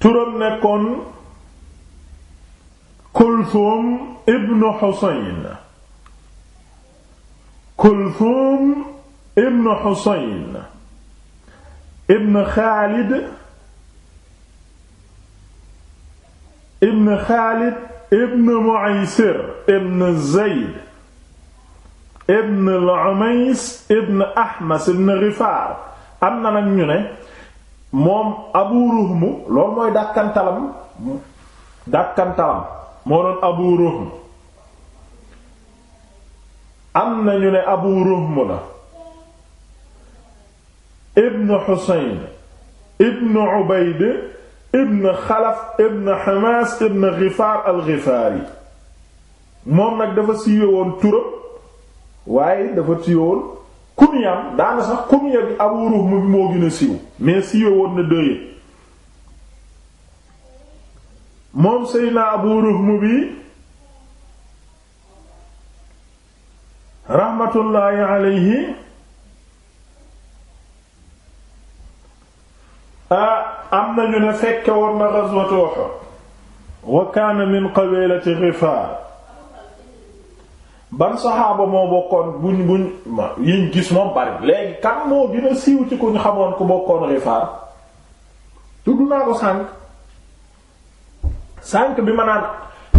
turam nekkoon kulthum ibnu xusayn kulthum ibnu xusayn ibn xaalid ibn xaalid ibn muaysir ibn zayd ibn al-umays ibn ahmas ibn gifaar am na nag ñu ne moom abu ruhmu loolu mooy dàkkantalam dàkkantalam moo doon abu ruhm am na ñu ne abu ruhm la ibn xusayn ibn ubayd ibn xalaf ibn xamaas ibn gifaar al gifaari moom nag dafa siiwe woon turam waaye dafa siiwe kuniyam daana sax kuniya bi Abu Ruhm bi moo gën a siiw mais siiwe woon na dëye moom Seydina Abu Ruhm bi raxmatullaahi alayhi am nañu ne fekke woon na ghazwatu Uhud wa kaana min qabiilati Ghifaar ban saxaaba moo bokkoon buñ buñ yiñ gis moom bari léegi kan moo dina siiw ci ku ñu xamoon ku bokkoon rifaar tudd naa ko sànk sànk bi ma naan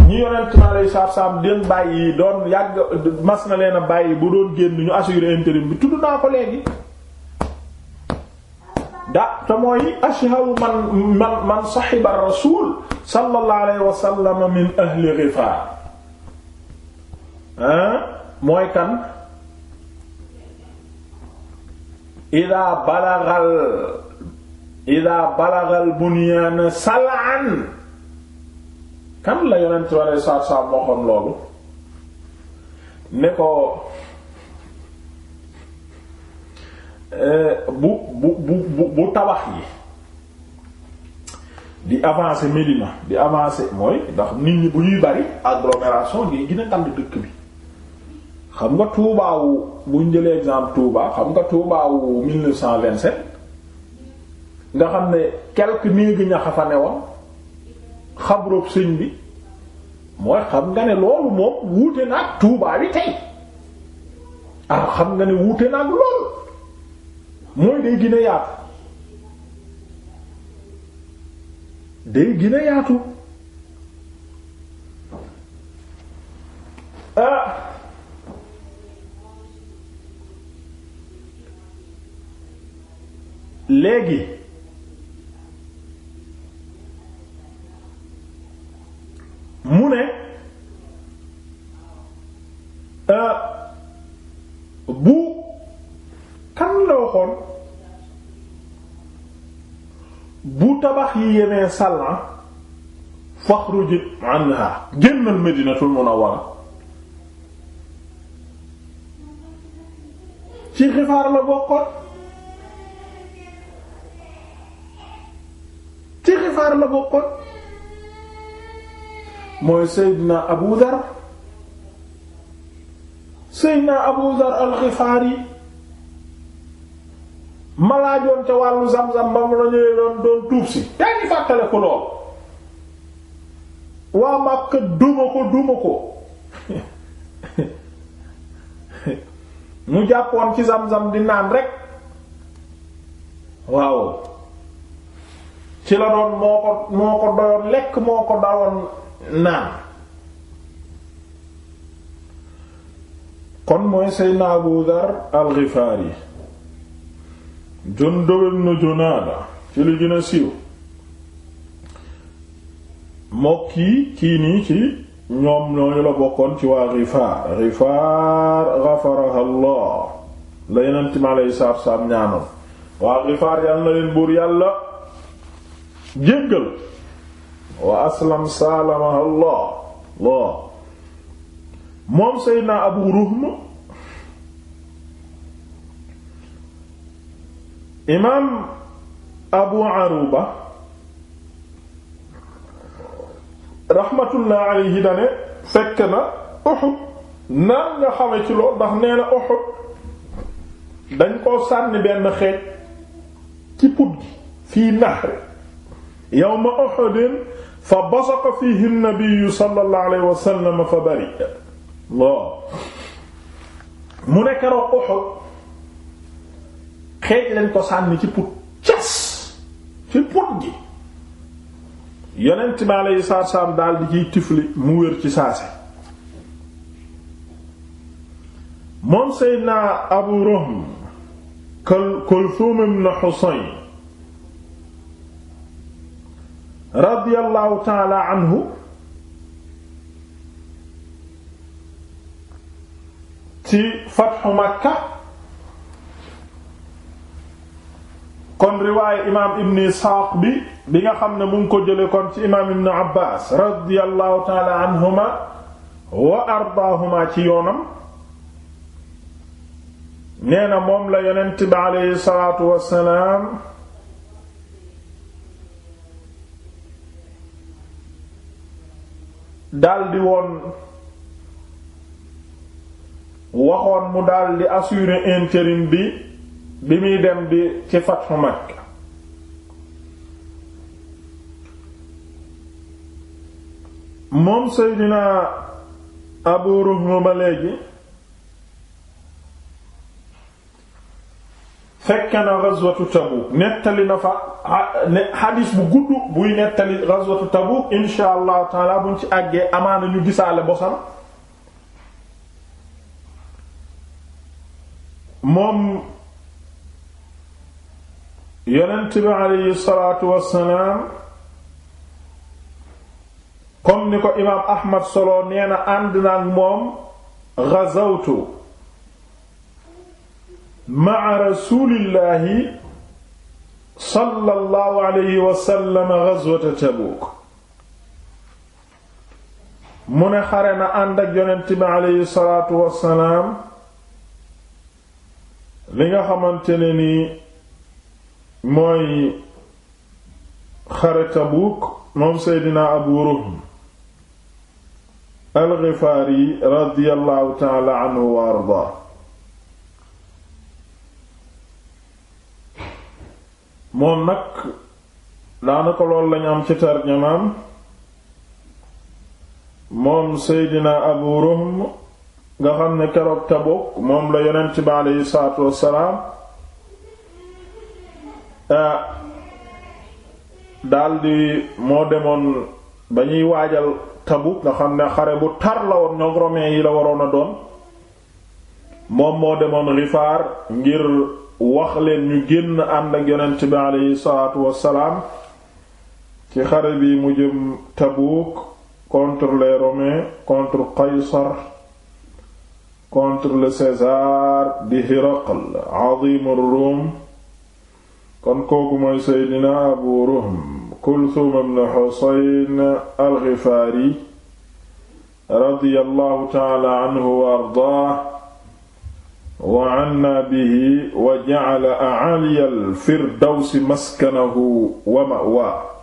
ñi yonent ma lay saab saab den bàyyi doon yàgg mas na leen a bàyyi bu doon génn ñu assurer intérim bi tudd naa ko léegi da te mooy ashharu man man man sahiba rasul sallallahu alayhi ahli rifaar mooy kan ida balagal ida balagal bunyaana salaan kan la yonent ware saab saab waxoon loolu ne ko eh, bu bu bu bu tabax yi di avancer Médina di avancé mooy ndax nit ñi bu ñuy bari agglomération di gën a tànd dëkk bi xam nga tuubaawu buñ jëlee exemple Touba xam nga tuubaawu 1927 nga xam ne quelque néegi ñax a fa newoon xabrob bi mooy xam nga ne loolu moom wuute naag Touba bi tey ah xam nga ne wuute naag loolu mooy day gën yaatu day gën yaatu léegi mu ne euh, bu kan la bu tabax yi yemee sàllan faxruj anha génnal Madinatul Munawwara ci xifaar la bokkoon ansaar la bokkoon mooy Seydina Abu Dar Seydina Abu Dar al-Ghifari ma laajoon ca wàllu Zamzam ba mu la ñëwee doon doon tuub si yaa ngi fàttale ko lool waa Makka duma ko duma ko mu jàppoon ci Zamzam di naan rek waaw ci la doon moo ko moo ko doyoon lekk moo ko dawoon naan kon mooy Seydina Abu Dhar yi ghifari Jundub ibn Junaada ci li gën a siiw mokki kii nii ci ñoom ñooñu la bokkoon ci waa Ghifaar Ghifaar ghafaraha la yeneen time alay saab saab ñaanal waa Ghifaar yàlla na leen buur yàlla jéggal wa aslam saalamaha Allah moom Seydina Abu Ruhm imaam Abu Aruba rahmatullah alayhi dane fekk na Uhud naan nga xame ci lool ndax nee na Uhud dañ koo sànni benn xeej ci put gi fii naxre yawma Uhud fa basaqa fiihi an alayhi wa fa bari'a mu ne keroog Uhud xeej ko sànni ci put cas ci put gi yonent bi alayhi salaatu daal di ciy tifli mu wér ci saase moom Seydina Abu Ruhm Kulthum ibn Husayn radiyallahu taala anhu ci fatxu makka kon riwaaye imaam ibn isxaaq bi bi nga xam ne mu ko jële kon ci imaam ibn abbaas radiyallahu taala anhuma wa ardaahuma ci yoonam nee na moom la yonent bi aleyhi salaatu wassalaam daldi woon waxoon mu daldi assurer intérim bi bi muy dem bi ci fathu Makka moom Seydina Abu Ruhm ba léegi fekk na ghazwatu Tabuk nettali na fa xadis bu gudd buy nettali ghazwatu Tabuk insha allahu taala buñ ci àggee yu ñu gisaale bosam moom yonent bi solo nee na ànd moom ghazawtu ma'a rasuulillaahi sallallahu alayhi wa sallam ghazwata mu ne xare na ànd ak yonent bi alayhi salaatu wassalaam li nga xamante ni mooy xare Tabuuk moom Seydina Abu Ruhm al-Ghifaari radiyallahu ta'ala anhu wa ardaa moom nag daanaka lool lañu am ci tarjamaam moom seydina abu ruhm nga xam ne keroog Tabuk moom la yonent bi aleyhi salaatu wassalaam daldi moo demoon ba ñuy waajal Tabuk nga xam ne xare bu tar la woon ñoom romain yi la waroon a doon moom moo demoon Rifaar ngir wax leen ñu génn ànd ak yonent bi aleyhi salaatu wassalaam ci xare bi mu jëm Tabuuk contre les Romains contre Qaysar contre le César di Hiraql azimur Rum kon kooku mooy Seydina Abu Ruhm Kulthum ibn Husayn al-Ghifari radiyallahu ta'ala anhu wa ardaah wa anna bihi wa ja'ala a'ali al-firdawsi maskanahu wa ma'waa